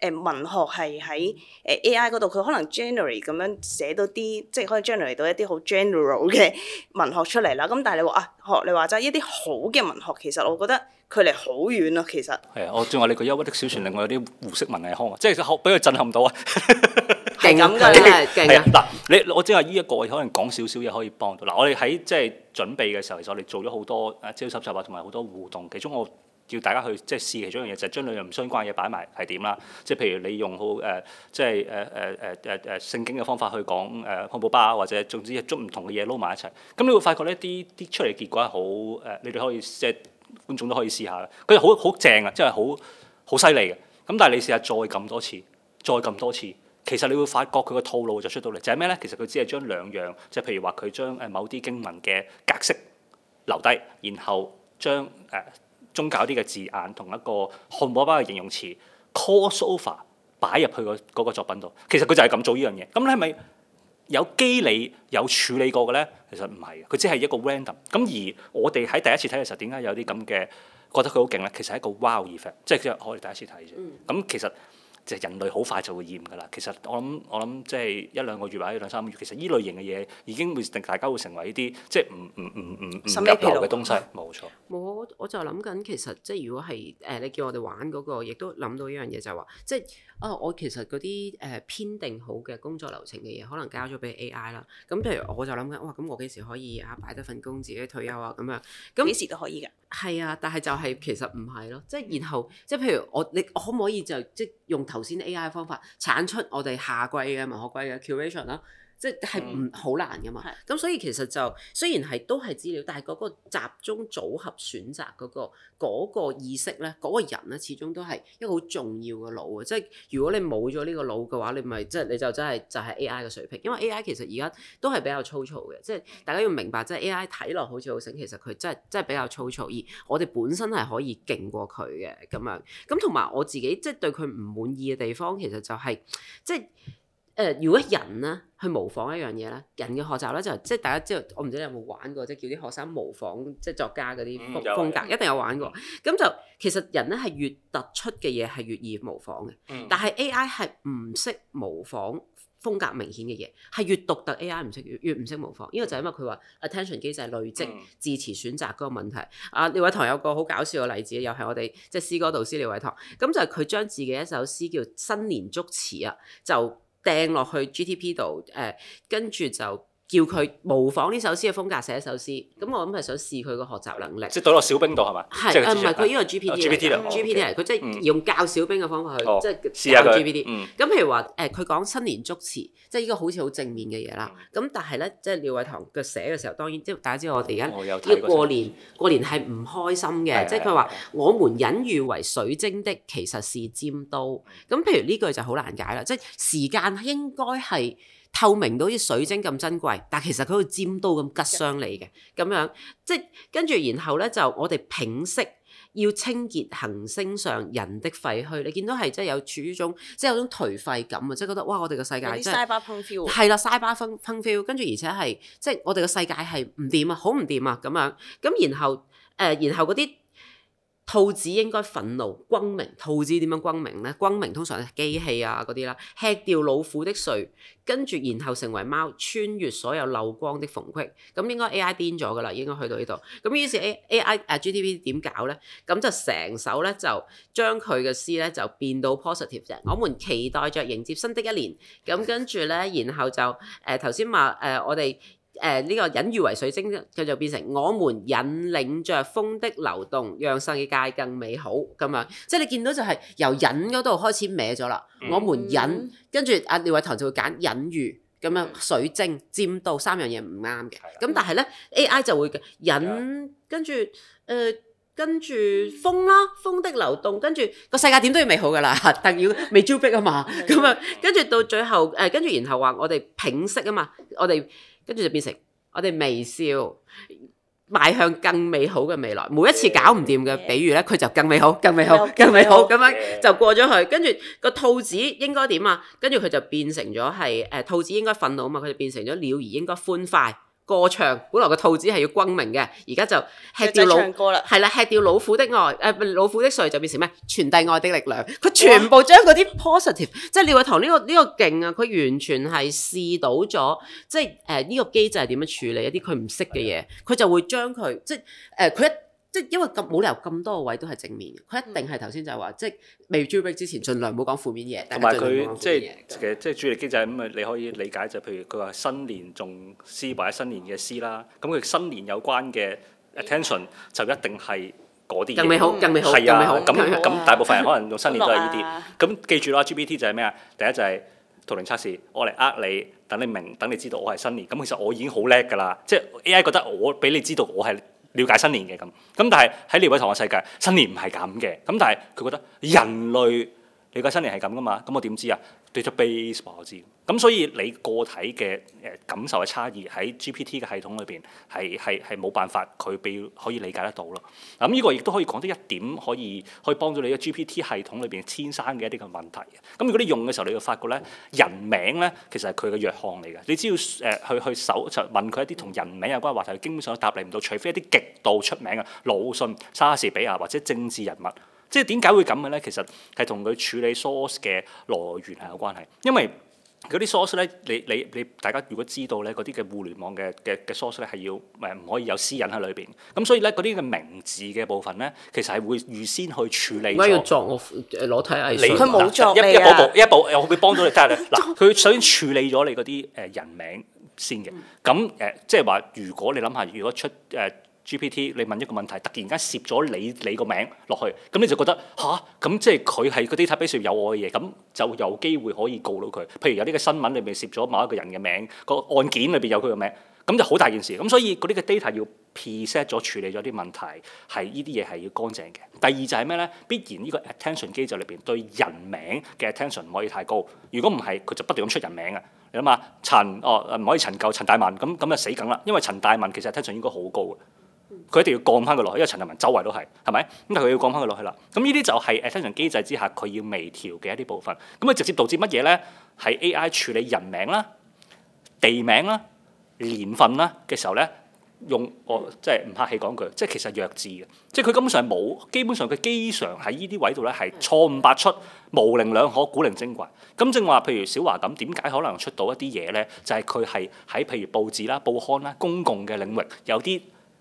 誒文學係喺誒 AI 嗰度，佢可能 generate 咁樣寫到啲，即係可以 generate 到一啲好 general 嘅文學出嚟啦。咁但係你話啊，學你話齋，一啲好嘅文學其實我覺得距離好遠啊。其實係啊，我仲話你個憂鬱的小船，令我有啲胡適文藝腔啊，即係其俾佢震撼到啊，勁 㗎啦，勁啊！嗱，你我即係呢一個，可能講少少嘢可以幫到。嗱，我哋喺即係準備嘅時候，其實我哋做咗好多資料蒐集啊，同埋好多互動，其中我。叫大家去即係試，其中一樣嘢就係將兩樣唔相關嘅嘢擺埋係點啦。即係譬如你用好誒、呃，即係誒誒誒誒誒聖經嘅方法去講誒漢堡包，或者總之係將唔同嘅嘢撈埋一齊。咁你會發覺呢啲啲出嚟結果係好誒，你哋可以即係觀眾都可以試下。佢好好正啊，即係好好犀利嘅。咁但係你試下再撳多次，再撳多次，其實你會發覺佢個套路就出到嚟就係，是咩呢？其實佢只係將兩樣，即係譬如話佢將誒某啲經文嘅格式留低，然後將誒。呃呃呃呃呃宗教啲嘅字眼同一個漢堡包嘅形容詞 cross over 擺入去個作品度，其實佢就係咁做呢樣嘢。咁你係咪有機理有處理過嘅咧？其實唔係，佢只係一個 random。咁而我哋喺第一次睇嘅時候，點解有啲咁嘅覺得佢好勁咧？其實係一個 wow effect，即係我哋第一次睇啫。咁其實。即係人類好快就會厭㗎啦。其實我諗我諗即係一兩個月或者兩三個月，其實依類型嘅嘢已經會令大家會成為呢啲即係唔唔唔唔唔新嘅套路嘅東西。冇麼錯。我我就諗緊其實即係如果係誒、呃、你叫我哋玩嗰、那個，亦都諗到一樣嘢就係、是、話，即係啊、呃、我其實嗰啲誒編定好嘅工作流程嘅嘢，可能交咗俾 AI 啦。咁譬如我就諗緊哇，咁我幾時可以啊擺得份工自己退休啊咁樣？幾時都可以㗎。係啊，但係就係、是、其實唔係咯，即係然後即係譬如我你我可唔可以就即係？用頭先 AI 嘅方法產出我哋夏季嘅文學季嘅 curation 啦。即係唔好難噶嘛，咁是的 所以其實就雖然係都係資料，但係嗰個集中組合選擇嗰個嗰個意識咧，嗰個人咧始終都係一個好重要嘅腦啊！即係如果你冇咗呢個腦嘅話，你咪即係你就真係就係 A I 嘅水平。因為 A I 其實而家都係比較粗糙嘅，即係大家要明白，即係 A I 睇落好似好醒，其實佢真係真係比較粗糙，而我哋本身係可以勁過佢嘅咁樣。咁同埋我自己即係對佢唔滿意嘅地方，其實就係即係。如果人咧去模仿一樣嘢咧，人嘅學習咧就即、是、係大家知道，我唔知你有冇玩過？即係叫啲學生模仿即係、就是、作家嗰啲風格，嗯就是、一定有玩過。咁就其實人咧係越突出嘅嘢係越易模仿嘅，嗯、但係 AI 係唔識模仿風格明顯嘅嘢，係越獨特 AI 唔識越越唔識模仿。呢個就因為佢話、嗯、attention 機制累積字詞選擇嗰個問題。阿廖偉棠有個好搞笑嘅例子，又係我哋即係詩歌導師廖偉棠，咁就係、是、佢將自己一首詩叫《新年祝詞》啊，就。就就就就就就掟落去 GPT 度，誒、呃，跟住就。叫佢模仿呢首詩嘅風格寫一首詩，咁我諗係想試佢個學習能力。即係倒落小冰度係咪？係，唔係佢依個 GPT 啊？GPT 啊，GPT 係佢即係用教小冰嘅方法去，即係試下佢。GPT，咁譬如話誒，佢講新年祝詞，即係呢個好似好正面嘅嘢啦。咁但係咧，即係廖偉棠嘅寫嘅時候，當然即大家知道我哋而家要過年，過年係唔開心嘅。即係佢話：我們隱喻為水晶的，其實是尖刀。咁譬如呢句就好難解啦，即係時間應該係。透明到好似水晶咁珍貴，但其實佢個尖刀咁拮傷你嘅咁樣，即係跟住然後咧就我哋平息要清潔行星上人的廢墟，你見到係即係有處於種即係有種頹廢感啊，即係覺得哇我哋個世界真係係啦，cyberpunk feel 跟住而且係即係我哋個世界係唔掂啊，好唔掂啊咁樣，咁然後誒，然後嗰啲。呃兔子應該憤怒轟鳴。兔子點樣轟鳴呢？轟鳴通常係機器啊嗰啲啦，吃掉老虎的碎，跟住然後成為貓穿越所有漏光的縫隙，咁應該 A I 癲咗噶啦，應該去到呢度。咁、嗯、於是 A A I 啊 GPT 點搞呢？咁、嗯、就成首呢，就將佢嘅詩呢就變到 positive 啫。我們期待着迎接新的一年，咁、嗯、跟住呢，然後就誒頭先話誒我哋。誒呢、呃這個隱喻為水晶，佢就變成我們引領着風的流動，讓世界更美好咁樣。即係你見到就係由隱嗰度開始歪咗啦。嗯、我們隱跟住阿廖偉棠就會揀隱喻咁樣水晶佔到三樣嘢唔啱嘅。咁的但係咧 AI 就會隱、啊、跟住誒、呃、跟住風啦，風的流動跟住個世界點都要美好噶啦，但係未招逼啊嘛。咁啊的跟住到最後誒跟住然後話我哋平息啊嘛，我哋。跟住就變成我哋微笑，邁向更美好嘅未來。每一次搞唔掂嘅比喻咧，佢就更美好、更美好、更美好，咁樣就過咗去。跟住個兔子應該點啊？跟住佢就變成咗係誒，兔子應該憤怒啊嘛，佢就變成咗鳥兒應該歡快。過場，本來個兔子係要轟鳴嘅，而家就吃掉老虎係啦，吃掉老虎的愛，誒、呃、老虎的碎就變成咩？傳遞愛的力量，佢全部將嗰啲 positive，哇即係廖偉棠呢個呢、呢個勁啊！佢完全係試到咗，即係誒呢個機制係點樣處理一啲佢唔識嘅嘢，佢的就會將佢即係誒佢一。即係因為咁冇理由咁多位都係正面嘅，佢一定係頭先就係話，即係未 jailbreak 之前，盡量唔好講負面嘢。同埋佢即係其實即係注意力經濟，咁啊，你可以理解就係譬如佢話新年仲詩或者新年嘅詩啦，咁佢新年有關嘅 attention 就一定係嗰啲嘢。更未好，係啊，咁咁大部分人可能用新年都係呢啲。咁記住啦，GPT 就係咩啊？第一就係圖靈測試，我嚟呃你，等你明，等你知道我係新年。咁其實我已經好叻㗎啦，即係 AI 覺得我俾你知道我係。了解新年嘅咁咁。但係喺呢位同學世界，新年唔係咁嘅。咁但係佢覺得人類了解新年係咁㗎嘛？咁我點知啊？對咗，database 我知，咁所以你個體嘅誒感受嘅差異喺 GPT 嘅系統裏邊係係係冇辦法佢被可以理解得到咯。嗱咁呢個亦都可以講得一點，可以可以幫助你嘅 GPT 系統裏邊天生嘅一啲嘅問題。咁如果你用嘅時候，你就發覺咧人名咧其實係佢嘅弱項嚟嘅。你只要誒去去，去搜就問佢一啲同人名有關嘅話題，佢基本上答嚟唔到，除非一啲極度出名嘅魯迅、莎士比亞或者政治人物。即係點解會咁嘅咧？其實係同佢處理 source 嘅來源係有關係，因為嗰啲 source 咧，你你你大家如果知道咧，嗰啲嘅互聯網嘅嘅嘅 source 咧係要誒唔可以有私隱喺裏邊，咁所以咧嗰啲嘅名字嘅部分咧，其實係會預先去處理咗。點解你作我佢冇作嘅，一步一步一步又會幫到你。睇下咧，嗱，佢首先處理咗你嗰啲誒人名先嘅，咁誒、呃、即係話，如果你諗下，如果出誒。呃 GPT，你問一個問題，突然間攝咗你你個名落去，咁你就覺得吓，咁，即係佢係嗰 data base 有我嘅嘢，咁就有機會可以告到佢。譬如有呢個新聞裏面攝咗某一個人嘅名，個案件裏邊有佢嘅名，咁就好大件事。咁所以嗰啲嘅 data 要 preset 咗處理咗啲問題，係呢啲嘢係要乾淨嘅。第二就係咩呢？必然呢個 attention 機制裏邊對人名嘅 attention 唔可以太高，如果唔係，佢就不斷咁出人名呀。你諗下，陳哦唔可以陳舊，陳大文咁咁就死梗啦，因為陳大文其實 attention 應該好高嘅。佢一定要降翻佢落去，因為陳立文周圍都係，係咪？咁但佢要降翻佢落去啦。咁呢啲就係誒，attention 機制之下佢要微調嘅一啲部分。咁啊，直接導致乜嘢咧？係 AI 處理人名啦、地名啦、年份啦嘅時候咧，用我即係唔客氣講句，即係其實弱智嘅。即係佢根本上係冇，基本上佢經常喺呢啲位度咧係錯誤百出、模棱兩可、古靈精怪。咁正話，譬如小樺咁，點解可能出到一啲嘢咧？就係佢係喺譬如報紙啦、報刊啦、公共嘅領域有啲。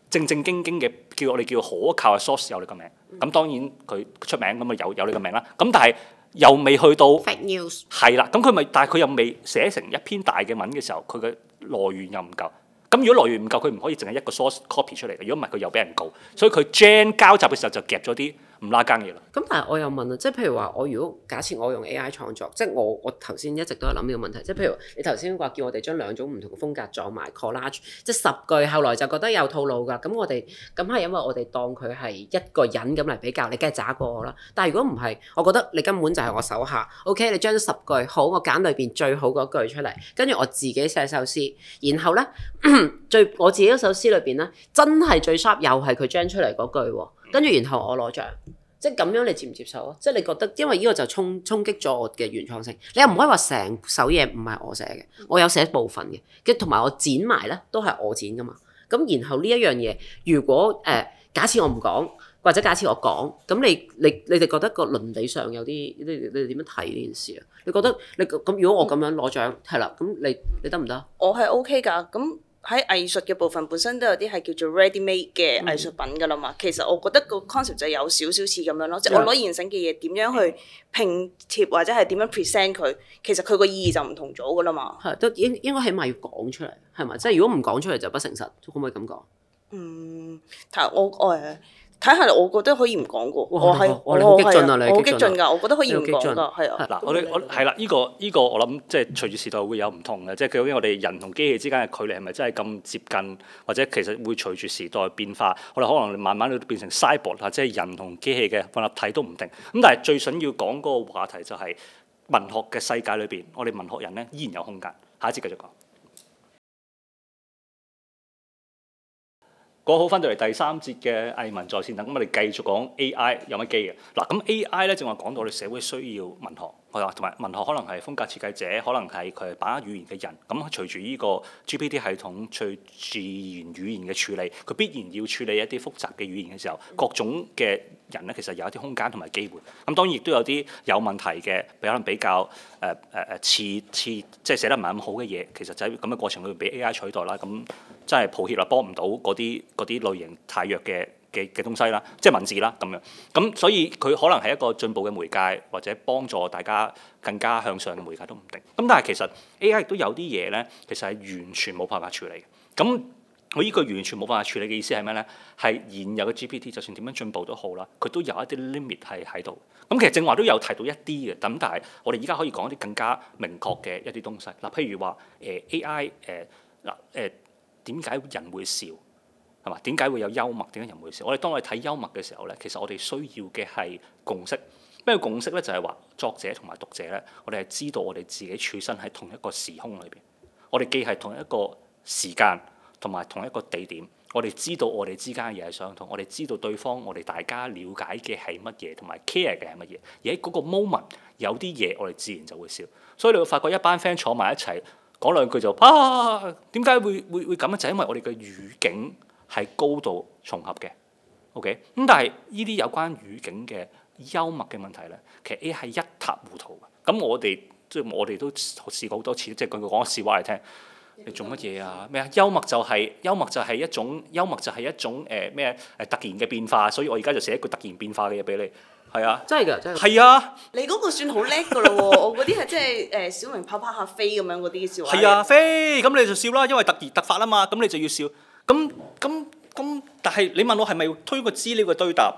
正正經經嘅，叫我哋叫可靠嘅、啊、source 有你個名、嗯、名，咁當然佢出名咁啊有有你個名啦，咁但係又未去到，係啦 Fact News.，咁佢咪但係佢又未寫成一篇大嘅文嘅時候，佢嘅來源又唔夠，咁如果來源唔夠，佢唔可以淨係一個 source copy 出嚟嘅。如果唔係佢又俾人告，嗯、所以佢 join 交集嘅時候就夾咗啲。唔拉更嘢啦。咁但係我又問啦，即係譬如話，我如果假設我用 AI 創作，即係我我頭先一直都係諗呢個問題，即係譬如你頭先話叫我哋將兩種唔同嘅風格撞埋 collage，即係十句後來就覺得有套路㗎。咁我哋咁係因為我哋當佢係一個人咁嚟比較，你梗係渣過我啦。但係如果唔係，我覺得你根本就係我手下。OK，你將十句好，我揀裏邊最好嗰句出嚟，跟住我自己寫首詩。然後咧， 最我自己嗰首詩裏邊咧，真係最 sharp 又係佢將出嚟嗰句喎。跟住，然後我攞獎，即係咁樣，你接唔接受啊？即係你覺得，因為呢個就衝衝擊咗我嘅原創性。你又唔可以話成首嘢唔係我寫嘅，我有寫部分嘅，跟同埋我剪埋咧都係我剪噶嘛。咁然後呢一樣嘢，如果誒、呃、假設我唔講，或者假設我講，咁你你你哋覺得個倫理上有啲你你點樣睇呢件事啊？你覺得你咁如果我咁樣攞獎係啦，咁、嗯、你你得唔得我係 OK 㗎，咁。喺藝術嘅部分本身都有啲係叫做 ready made 嘅藝術品㗎啦嘛，嗯、其實我覺得個 concept 就有少少似咁樣咯，嗯、即係我攞現成嘅嘢點樣去拼貼或者係點樣 present 佢，其實佢個意義就唔同咗㗎啦嘛。係都應應該起碼要講出嚟，係嘛？即係如果唔講出嚟就不誠實，可唔可以咁講？嗯，但我我誒。睇下，我覺得可以唔講噶。我係我係好激進啊！你激我激進噶，我覺得可以唔講噶，啊。嗱，我哋我係啦，呢個呢個我諗，即係隨住時代會有唔同嘅，即係究竟我哋人同機器之間嘅距離係咪真係咁接近？或者其實會隨住時代變化，我哋可能慢慢都變成 cyber 啦，即係人同機器嘅混合體都唔定。咁但係最想要講嗰個話題就係文學嘅世界裏邊，我哋文學人咧依然有空間。下一節繼續講。過好，翻到嚟第三節嘅藝文在線等，咁我哋繼續講 A.I. 有乜機嘅嗱。咁 A.I. 咧正話講到，我哋社會需要文學，我話同埋文學可能係風格設計者，可能係佢係把握語言嘅人。咁隨住呢個 G.P.T. 系統最自然語言嘅處理，佢必然要處理一啲複雜嘅語言嘅時候，各種嘅人咧其實有一啲空間同埋機會。咁、嗯、當然亦都有啲有問題嘅，可能比較誒誒誒次次，即係寫得唔係咁好嘅嘢，其實就喺咁嘅過程裏面被 A.I. 取代啦。咁、嗯。真係抱歉啦，幫唔到嗰啲啲類型太弱嘅嘅嘅東西啦，即係文字啦咁樣咁，所以佢可能係一個進步嘅媒介，或者幫助大家更加向上嘅媒介都唔定。咁但係其實 AI 亦都有啲嘢咧，其實係完全冇辦法處理嘅。咁我依個完全冇辦法處理嘅意思係咩咧？係現有嘅 GPT，就算點樣進步都好啦，佢都有一啲 limit 係喺度。咁其實正話都有提到一啲嘅，咁但係我哋依家可以講一啲更加明確嘅一啲東西嗱，譬如話誒 AI 誒嗱誒。呃 AI，呃呃呃呃呃點解人會笑係嘛？點解會有幽默？點解人會笑？我哋當我哋睇幽默嘅時候咧，其實我哋需要嘅係共識。咩共識咧？就係話作者同埋讀者咧，我哋係知道我哋自己處身喺同一個時空裏邊。我哋既係同一個時間同埋同一個地點，我哋知道我哋之間嘅嘢係相同。我哋知道對方，我哋大家了解嘅係乜嘢，同埋 care 嘅係乜嘢。而喺嗰個 moment 有啲嘢，我哋自然就會笑。所以你會發覺一班 friend 坐埋一齊。講兩句就啊，點解會會會咁啊？就係、因為我哋嘅語境係高度重合嘅，OK？咁但係呢啲有關語境嘅幽默嘅問題咧，其實 A 係一塌糊塗嘅。咁我哋即係我哋都試過好多次，即係講個笑話嚟聽。你做乜嘢啊？咩啊？幽默就係、係、幽默就係一種，幽默就係一種誒咩誒突然嘅變化，所以我而家就寫一個突然變化嘅嘢俾你。係啊！真係㗎，真係。係啊！你嗰個算好叻㗎喇喎！ 我嗰啲係即係誒小明拍拍下飛咁樣嗰啲笑話。係啊，飛！咁你就笑啦，因為突然突發啦嘛，咁你就要笑。咁咁咁，但係你問我係咪要推個資料嘅對答？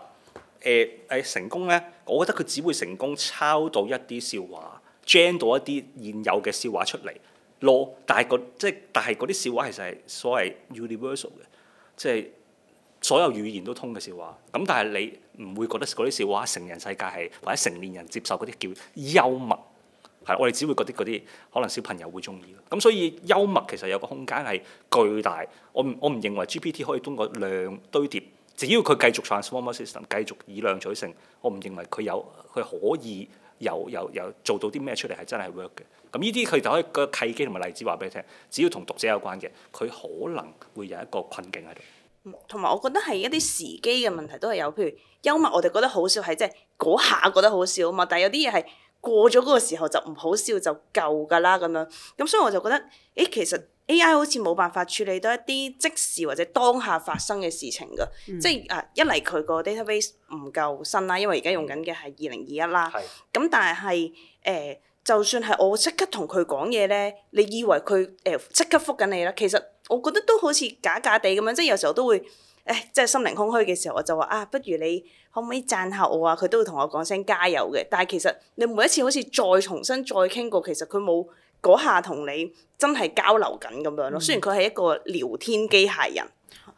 誒、呃、誒成功咧？我覺得佢只會成功抄到一啲笑話，gen 到一啲現有嘅笑話出嚟囉。但係個即係，但係嗰啲笑話其實係所謂 universal 嘅，即係。所有語言都通嘅笑話，咁但係你唔會覺得嗰啲笑話成人世界係或者成年人接受嗰啲叫幽默，係我哋只會覺得嗰啲可能小朋友會鍾意。咁所以幽默其實有個空間係巨大，我我唔認為 GPT 可以通過量堆疊，只要佢繼續 transformer system 繼續以量取勝，我唔認為佢有佢可以有有有做到啲咩出嚟係真係 work 嘅。咁呢啲佢就可以個契機同埋例子話俾你聽，只要同讀者有關嘅，佢可能會有一個困境喺度。同埋我覺得係一啲時機嘅問題都係有，譬如幽默我哋覺得好笑係即係嗰下覺得好笑啊嘛，但係有啲嘢係過咗嗰個時候就唔好笑就舊夠噶啦咁樣，咁所以我就覺得，誒、欸、其實 AI 好似冇辦法處理到一啲即時或者當下發生嘅事情噶，嗯、即係啊一嚟佢個 database 唔夠新啦，因為而家用緊嘅係二零二一啦，咁但係誒、呃、就算係我即刻同佢講嘢咧，你以為佢誒即刻覆緊你啦，其實。我覺得都好似假假地咁樣，即係有時候都會，誒，即係心靈空虛嘅時候，我就話啊，不如你可唔可以讚下我啊？佢都會同我講聲加油嘅。但係其實你每一次好似再重新再傾過，其實佢冇嗰下同你真係交流緊咁樣咯。雖然佢係一個聊天機械人。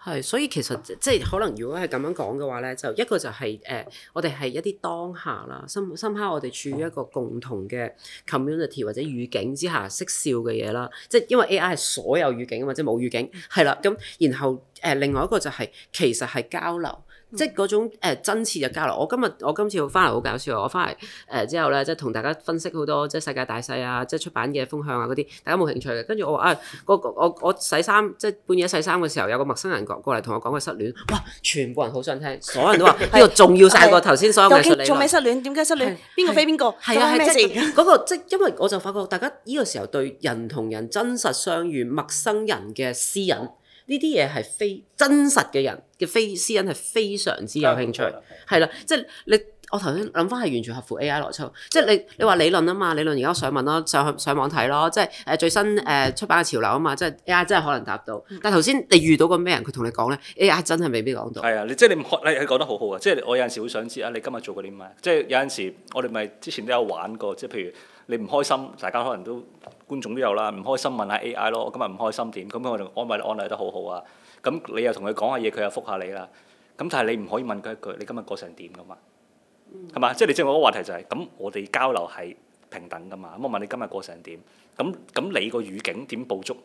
係，所以其實即係可能如果係咁樣講嘅話咧，就一個就係、是、誒、呃，我哋係一啲當下啦，深深刻我哋處於一個共同嘅 community 或者語境之下識笑嘅嘢啦，即係因為 AI 係所有語境啊嘛，即冇語境，係啦，咁然後誒、呃，另外一個就係、是、其實係交流。即係嗰種、呃、真摯嘅交流。我今日我今次翻嚟好搞笑！我翻嚟誒之後咧，即係同大家分析好多即係世界大勢啊，即係出版嘅風向啊嗰啲，大家冇興趣嘅。跟住我話啊、哎，我我我洗衫，即係半夜洗衫嘅時候，有個陌生人過過嚟同我講佢失戀。哇！全部人好想聽，所有人都話呢 是個重要晒過頭先所有藝術理論。仲未失戀？點解失戀？邊個是飛邊個？係啊係啊，嗰個即因為我就發覺大家呢個時候對人同人真實相遇，陌生人嘅私隱。呢啲嘢係非真實嘅人嘅非私隱係非常之有興趣，係啦，即係了了你我頭先諗翻係完全合乎 A I 邏輯，即係你你話理論啊嘛，理論而家想問咯，上上網睇咯，即係誒最新誒、呃、出版嘅潮流啊嘛，即係 A I 真係可能答到。但係頭先你遇到個咩人，佢同你講咧？A I 真係未必講到。係啊，你即係你你講得好好嘅，即係我有陣時好想知啊，你今日做過啲咩？即係有陣時我哋咪之前都有玩過，即係譬如。你唔開心，大家可能都觀眾都有啦。唔開心問下 AI 咯，我今日唔開心點？咁佢仲安慰你，安慰得好好啊。咁你又同佢講下嘢，佢又覆下你啦。咁但係你唔可以問佢一句，你今日過成點噶嘛？係嘛？嗯、即係你正我個話題就係、是、咁，我哋交流係平等噶嘛。咁我問你今日過成點？咁咁你個語境點捕捉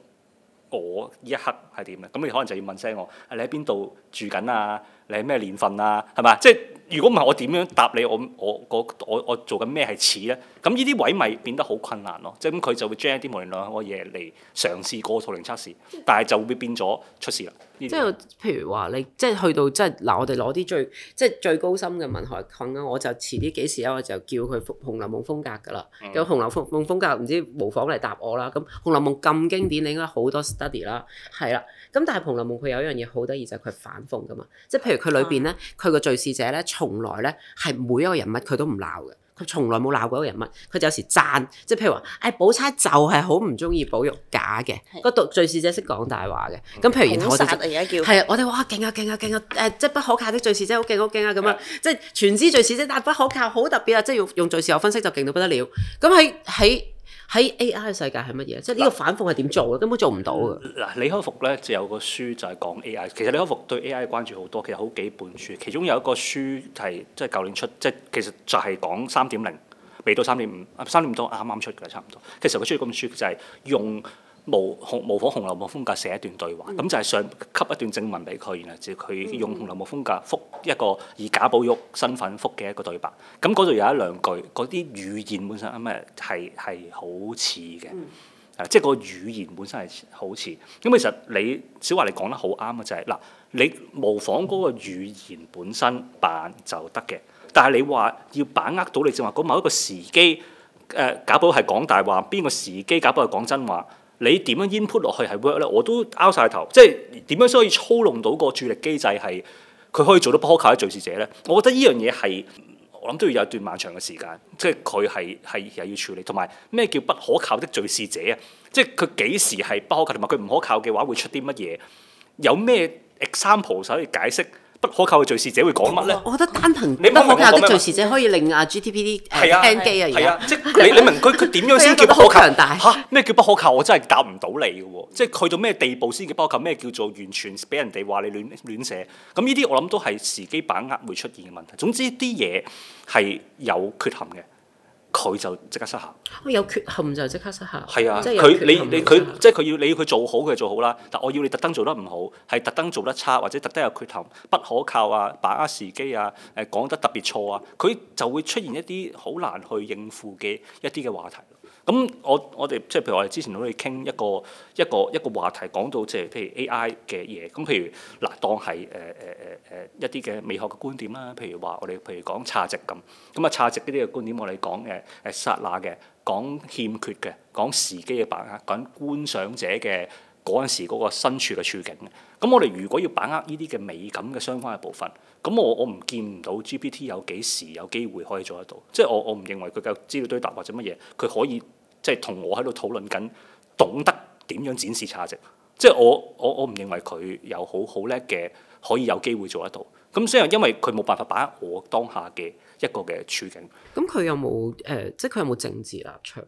我呢一刻係點咧？咁你可能就要問聲我，你喺邊度住緊啊？你係咩年份啊？係嘛？即係如果唔係我點樣答你？我我我我做緊咩係似咧？咁呢啲位咪變得好困難咯。即係咁佢就會將一啲模擬兩下嘢嚟嘗試過圖靈測試，但係就會變咗出事啦。即係譬如話你即係去到即係嗱，我哋攞啲最即係最高深嘅文學嚟講啦，我就遲啲幾時咧，我就叫佢《紅樓夢》風格噶啦。咁、嗯《紅樓夢》風格唔知模仿嚟答我啦。咁《紅樓夢》咁經典，你應該好多 study 啦，係啦。咁但係《紅樓夢》佢有一樣嘢好得意就係、是、佢反覆噶嘛，即係譬如。佢裏邊咧，佢個敘事者咧，從來咧係每一個人物佢都唔鬧嘅，佢從來冇鬧過一個人物，佢就有時讚，即係譬如話，哎，寶釵就係好唔中意寶玉假嘅，個讀敘事者識講大話嘅，咁、嗯、譬如然後我就係、嗯，我哋哇勁啊勁啊勁啊，誒、啊啊呃，即係不可靠啲敘事者好勁好勁啊咁啊，樣的即係全知敘事者但不可靠，好特別啊，即係用用敘事學分析就勁到不得了，咁喺喺。喺 AI 嘅世界係乜嘢？即係呢個反覆係點做嘅？根本做唔到嘅。嗱，李開復咧就有個書就係講 AI。其實李開復對 AI 嘅關注好多，其實好幾本書。其中有一個書就係即係舊年出，即係其實就係講三點零，未到三點五，三點五都啱啱出嘅，差唔多。其實佢出咗嗰本書就係用。模模仿《紅樓夢》風格寫一段對話，咁、嗯、就係上給一段正文俾佢，然後就佢用《紅樓夢》風格覆一個以賈寶玉身份覆嘅一個對白。咁嗰度有一兩句嗰啲語言本身，唔係係係好似嘅，即係個語言本身係好似。咁、嗯嗯、其實你小樺你講得好啱嘅就係、是、嗱，你模仿嗰個語言本身扮就得嘅，但係你話要把握到你正話某一個時機，誒、呃、賈寶玉係講大話，邊個時機賈寶玉講真話？你點樣 input 落去係 work 咧？我都拗晒頭，即係點樣先可以操弄到個注意力機制係佢可以做到不可靠嘅敘事者咧？我覺得呢樣嘢係我諗都要有一段漫長嘅時間，即係佢係係又要處理，同埋咩叫不可靠的敘事者啊？即係佢幾時係不可靠，同埋佢唔可靠嘅話會出啲乜嘢？有咩 example 可以解釋？不可靠嘅敘事者會講乜咧？我覺得單憑你不可，可靠的敘事者可以令啊 GTPD 聽機啊，而家即係你你問佢佢點樣先叫不可靠？嚇咩叫不可靠？我真係答唔到你嘅喎！即係去到咩地步先至包括咩叫做完全俾人哋話你亂亂寫？咁呢啲我諗都係時機把握會出現嘅問題。總之啲嘢係有缺陷嘅。佢就即刻失效，有缺陷就即刻失效。係啊，佢你你佢即係佢要你要佢做好佢做好啦，但我要你特登做得唔好，係特登做得差或者特登有缺陷、不可靠啊、把握時機啊、誒講得特別錯啊，佢就會出現一啲好難去應付嘅一啲嘅話題。咁我我哋即係譬如我哋之前都可以傾一個一個一個話題講到即係譬如 A.I. 嘅嘢。咁譬如嗱，當係誒誒誒誒一啲嘅美學嘅觀點啦。譬如話我哋譬如講差值咁。咁啊差值呢啲嘅觀點，我哋講誒誒剎那嘅，講欠缺嘅，講時機嘅把握，講觀賞者嘅嗰陣時嗰個身處嘅處境，咁我哋如果要把握呢啲嘅美感嘅相關嘅部分，咁我我唔見唔到 G.P.T. 有幾時有機會可以做得到。即係我我唔認為佢嘅資料對答或者乜嘢，佢可以。即係同我喺度討論緊，懂得點樣展示差值，即係我我我唔認為佢有好好叻嘅，可以有機會做得到。咁所以因為佢冇辦法把握我當下嘅。一個嘅處境，咁佢、嗯這個、有冇誒？即係佢有冇政治立場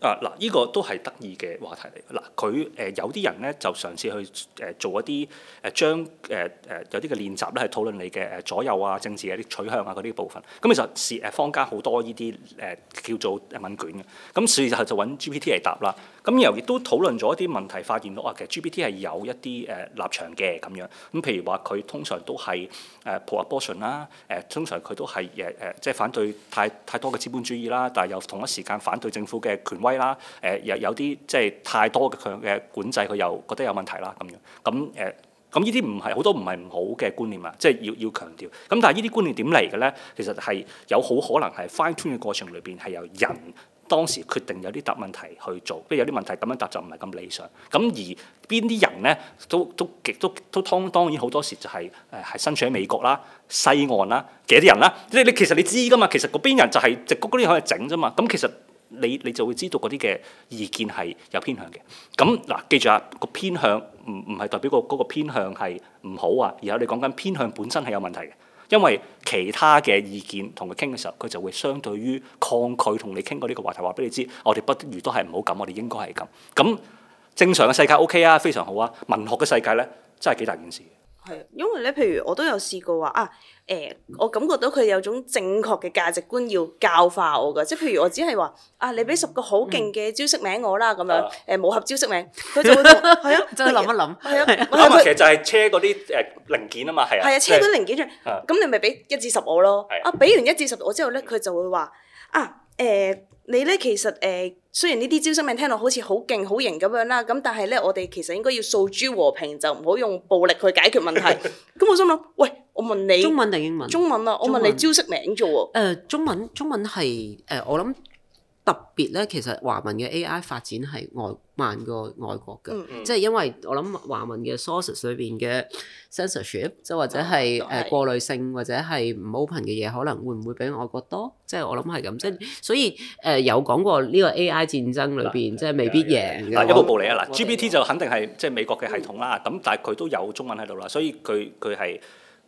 啊嗱，呢個都係得意嘅話題嚟。嗱，佢誒有啲人咧就嘗試去誒做一啲誒將誒誒有啲嘅練習咧係討論你嘅誒左右啊、政治嘅、啊、啲取向啊嗰啲部分。咁其實是誒坊間好多呢啲誒叫做問卷嘅。咁事實上就揾 GPT 嚟答啦。咁又亦都討論咗一啲問題，發現到啊，其、呃、實 GPT 係有一啲誒立場嘅咁樣。咁譬如話佢通常都係誒 pro abortion 啦，誒、呃、通常佢都係誒。呃誒，即係反對太太多嘅資本主義啦，但係又同一時間反對政府嘅權威啦。誒、呃，又有啲即係太多強嘅管制，佢又覺得有問題啦。咁樣咁誒，咁呢啲唔係好多唔係唔好嘅觀念啊，即係要要強調。咁但係呢啲觀念點嚟嘅咧，其實係有好可能係 fighting 嘅過程裏邊係有人。當時決定有啲答問題去做，跟住有啲問題咁樣答就唔係咁理想。咁而邊啲人呢？都都極都都當當然好多時就係誒係身處喺美國啦、西岸啦嘅啲人啦。你你其實你知㗎嘛？其實嗰邊人就係直谷啲喺度整啫嘛。咁其實你你就會知道嗰啲嘅意見係有偏向嘅。咁嗱，記住啊，個偏向唔唔係代表個嗰個偏向係唔好啊，而係你講緊偏向本身係有問題嘅。因為其他嘅意見同佢傾嘅時候，佢就會相對於抗拒同你傾過呢個話題話俾你知，我哋不如都係唔好咁，我哋應該係咁。咁正常嘅世界 OK 啊，非常好啊。文學嘅世界咧，真係幾大件事。係，因為咧，譬如我都有試過話啊，誒、欸，我感覺到佢有種正確嘅價值觀要教化我㗎，即係譬如我只係話啊，你俾十個好勁嘅招式名我啦，咁、嗯、樣誒，武俠招式名，佢就會係啊，就再諗一諗，係、哎、啊，諗啊，其實就係車嗰啲誒零件啊嘛，係啊，係啊，車嗰啲零件出，咁你咪俾一至十我咯，啊，俾完一至十我之後咧，佢就會話啊，誒、欸。你咧其實誒、呃，雖然呢啲招式名聽落好似好勁好型咁樣啦，咁但係咧，我哋其實應該要訴諸和平，就唔好用暴力去解決問題。咁 我心諗，喂，我問你，中文定英文？中文啊，我問你招式名啫喎、呃。中文，中文係誒、呃，我諗。特別咧，其實華文嘅 AI 發展係外慢過外國嘅，即係、嗯、因為我諗華文嘅 sources 裏邊嘅 censorship，即係或者係誒過濾性、嗯嗯、或者係唔 open 嘅嘢，可能會唔會比外國多？即、就、係、是、我諗係咁，即係、嗯就是、所以誒、呃、有講過呢個 AI 戰爭裏邊，即係、嗯、未必贏。有、嗯、我一步步嚟啊！嗱，GPT 就肯定係即係美國嘅系統啦，咁、嗯、但係佢都有中文喺度啦，所以佢佢係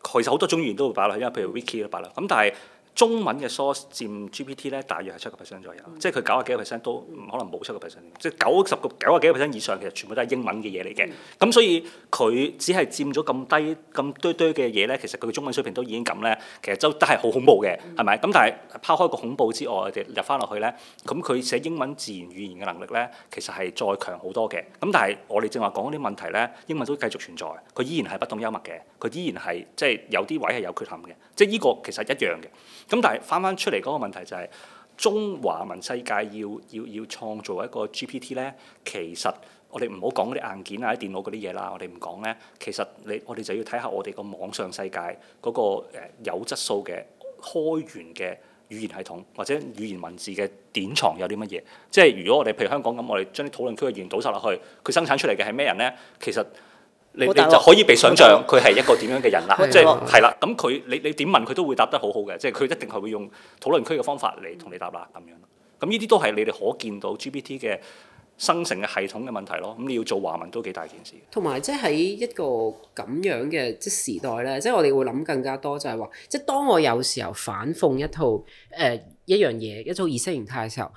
佢其實好多種語言都會打啦，因為譬如 wiki 都打啦，咁但係。中文嘅 source 佔 GPT 咧，大約係七個 percent 左右，嗯、即係佢九十幾個 percent 都、嗯、可能冇七個 percent，即係九十個九十幾個 percent 以上其、嗯以堆堆，其實全部都係英文嘅嘢嚟嘅。咁所以佢只係佔咗咁低咁堆堆嘅嘢咧，其實佢嘅中文水平都已經咁咧，其實都都係好恐怖嘅，係咪、嗯？咁但係拋開個恐怖之外，入翻落去咧，咁佢寫英文自然語言嘅能力咧，其實係再強好多嘅。咁但係我哋正話講嗰啲問題咧，英文都繼續存在，佢依然係不懂幽默嘅，佢依然係即係有啲位係有缺陷嘅，即係呢個其實一樣嘅。咁但係翻翻出嚟嗰個問題就係、是、中華文世界要要要創造一個 GPT 咧，其實我哋唔好講嗰啲硬件啊、電腦嗰啲嘢啦，我哋唔講咧。其實你我哋就要睇下我哋個網上世界嗰、那個有質素嘅開源嘅語言系統或者語言文字嘅典藏有啲乜嘢？即係如果我哋譬如香港咁，我哋將啲討論區嘅語言倒晒落去，佢生產出嚟嘅係咩人咧？其實。你你就可以被想像佢係一個點樣嘅人啦，即係係啦。咁佢、就是、你你點問佢都會答得好好嘅，即係佢一定係會用討論區嘅方法嚟同你答啦咁樣。咁呢啲都係你哋可見到 GPT 嘅生成嘅系統嘅問題咯。咁你要做華文都幾大件事。同埋即係喺一個咁樣嘅即係時代咧，即、就、係、是、我哋會諗更加多就係話，即、就、係、是、當我有時候反諷一套誒。呃一樣嘢，一種意識形態嘅時候，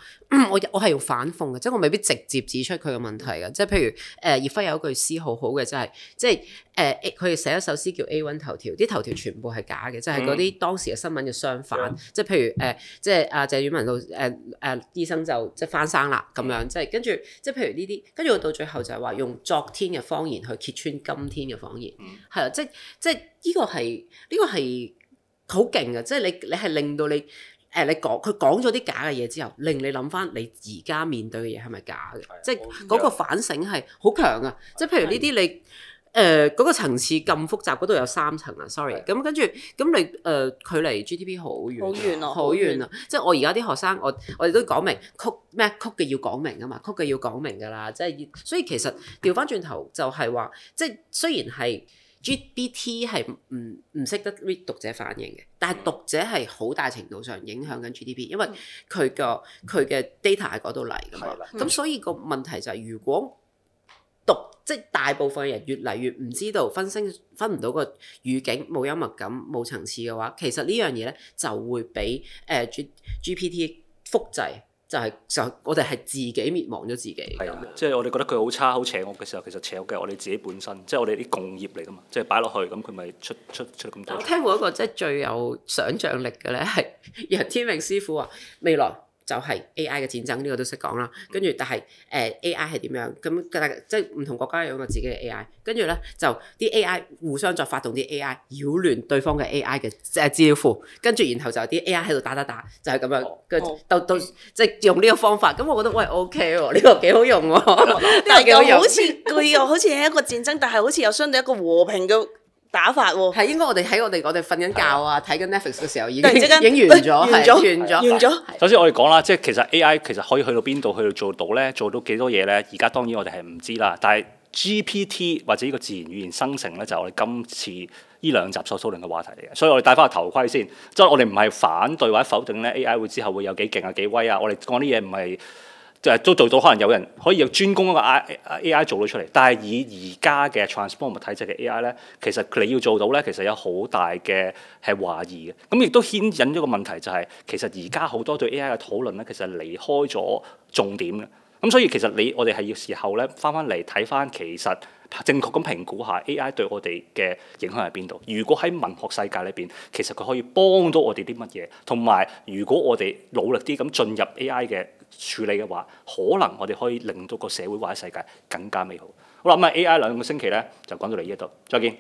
我我係用反諷嘅，即係我未必直接指出佢嘅問題嘅。即係譬如誒、呃、葉輝有一句詩好好嘅，就係、是、即係誒 A，佢寫一首詩叫 A One 頭條，啲頭條全部係假嘅，就係嗰啲當時嘅新聞嘅相反。嗯、即係譬如誒、呃，即係阿、啊、謝宇文老誒誒醫生就即係翻生啦咁樣，即係跟住即係譬如呢啲，跟住到最後就係話用昨天嘅謊言去揭穿今天嘅謊言，係啊、嗯，即係即係呢個係呢個係好勁嘅，即係、這個這個就是、你你係令到你。誒你講佢講咗啲假嘅嘢之後，令你諗翻你而家面對嘅嘢係咪假嘅？即係嗰個反省係好強啊！即係譬如呢啲你誒嗰個層次咁複雜，嗰度有三層啦。Sorry，咁跟住咁你誒距離 GPT 好遠，好遠啊，好遠啊！遠啊即係我而家啲學生，我我哋都講明曲咩曲嘅要講明啊嘛，曲嘅要講明噶啦，即係所以其實調翻轉頭就係話，即係雖然係。GPT 係唔唔識得 read 讀者反應嘅，但係讀者係好大程度上影響緊 GPT，因為佢個佢嘅 data 喺嗰度嚟㗎嘛。咁的所以個問題就係、是，如果讀即係大部分人越嚟越唔知道分升分唔到個語境，冇幽默感，冇層次嘅話，其實呢樣嘢咧就會俾誒、uh, G GPT 複製。就係就我哋係自己滅亡咗自己。係，即係我哋覺得佢好差好邪惡嘅時候，其實邪惡嘅係我哋自己本身，即係我哋啲共業嚟噶嘛，即係擺落去咁佢咪出出出咁多。我聽過一個即係最有想像力嘅咧，係楊天命師傅話未來。就係 A I 嘅戰爭，呢個都識講啦。跟住，但係誒 A I 係點樣？咁即係唔同國家有個自己嘅 A I。跟住咧，就啲 A I 互相再發動啲 A I，擾亂對方嘅 A I 嘅資料庫。跟住，然後就啲 A I 喺度打打打，就係咁樣。跟到，都即係用呢個方法。咁我覺得喂 O K 喎，呢個幾好用喎。但係又好似佢又好似係 一個戰爭，但係好似又相對一個和平嘅打法喎。哦，係應該我哋喺我哋我哋瞓緊覺啊，睇緊是的 Netflix 嘅時候已經影然完咗是了，完咗，完咗。首先我哋講啦，即係其實 AI 其實可以去到邊度，去到做到呢，做到幾多嘢呢？而家當然我哋係唔知啦。但係 GPT 或者呢個自然語言生成呢，就係、是、我哋今次呢兩集所討論嘅話題嚟嘅。所以我哋戴翻個頭盔先，即係我哋唔係反對或者否定呢，AI 會之後會有幾勁啊，幾威啊！我哋講啲嘢唔係。就係都做到，可能有人可以有專攻一個 I AI 做到出嚟。但係以而家嘅 Transformer 體質嘅 AI 咧，其實你要做到咧，其實有好大嘅係懷疑嘅。咁亦都牽引咗個問題，就是，就係其實而家好多對 AI 嘅討論咧，其實離開咗重點嘅。咁所以其實你我哋係要事後咧，返返嚟睇返，其實正確咁評估下 AI 對我哋嘅影響喺邊度。如果喺文學世界裏邊，其實佢可以幫到我哋啲乜嘢？同埋如果我哋努力啲咁進入 AI 嘅處理嘅話，可能我哋可以令到個社會或者世界更加美好。好啦，咁啊，AI 兩個星期呢，就講到嚟呢度，再見。